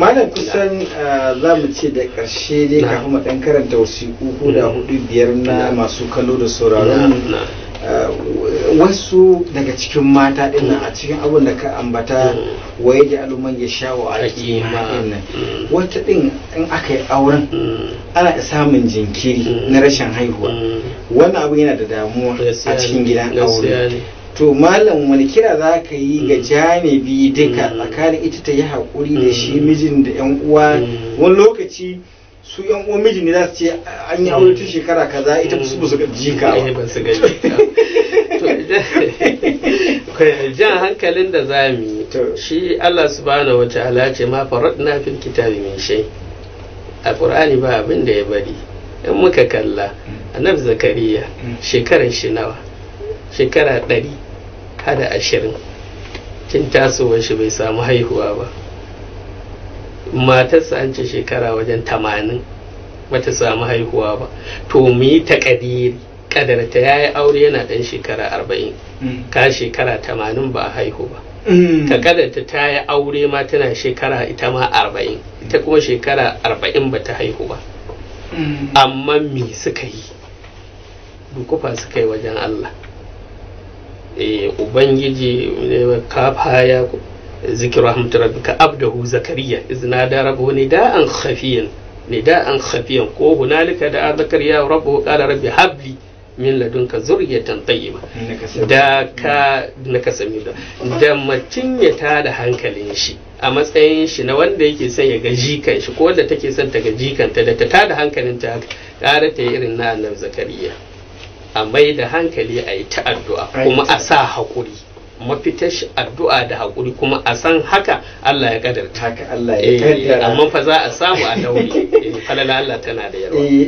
malam kusan eh, za mu ce da ƙarshe dai kafin mu ɗan karanta wasiƙu huda hudu biyar na masu kallo da sauraron eh, wasu daga cikin mata din a mm. cikin abin da ka ambata mm. waye da aluman ya sha wa aiki nan mm. wata din in aka yi auren ana samun jinkiri na rashin haihuwa wannan abu yana da damuwa a cikin gidan aure to malam wani kira za ka yi ga mm. janibi duka mm. tsakanin ita ta yi haƙuri da shi mm. mijin da yan uwa wani lokaci su yan uwa mijin ne za su ce an yi aure tun shekara kaza ita su ba su ji ka ba jan hankalin da za mu yi shi Allah subhanahu wa ta'ala ce ma na fil kitabi min shay a qur'ani ba abin da ya bari in muka kalla annabi zakariya shekaran shi nawa shekara ɗari hada ashirin tun tasowar shi bai samu haihuwa ba matarsa an ce shekara wajen tamanin bata samu haihuwa ba to mu yi takadiri kadarta ya yi aure yana ɗan shekara arba'in mm. ka shekara tamanin ba a haihu ba mm. ka kadarta ta yi aure ma tana shekara ita ma arba'in ita kuma shekara arba'in ba ta haihu ba mm. amma me suka yi dukufa suka yi wajen Allah Eh, ubangiji eh, kafaya zikiru hamdu rabbika abdahu zakariya izna da rabu ne da an khafiyan ne da an khafiyan ko hunalika da zakariya rabu qala rabbi habli min ladunka zurriyatan tayyiba da ka na kasami da da mutum ya tada hankalin shi a matsayin shi na wanda yake son ya ga jikan shi ko wanda take son ta ga ta da ta tada hankalin ta ƙara ta irin na annabi zakariya a mai da hankali a yi ta addu'a kuma a sa haƙuri mafitar shi addu'a da haƙuri kuma a san haka Allah ya kadarta. Haka eh, Amma fa za a samu a dauri. Eh, falala Allah tana da yawa. Eh,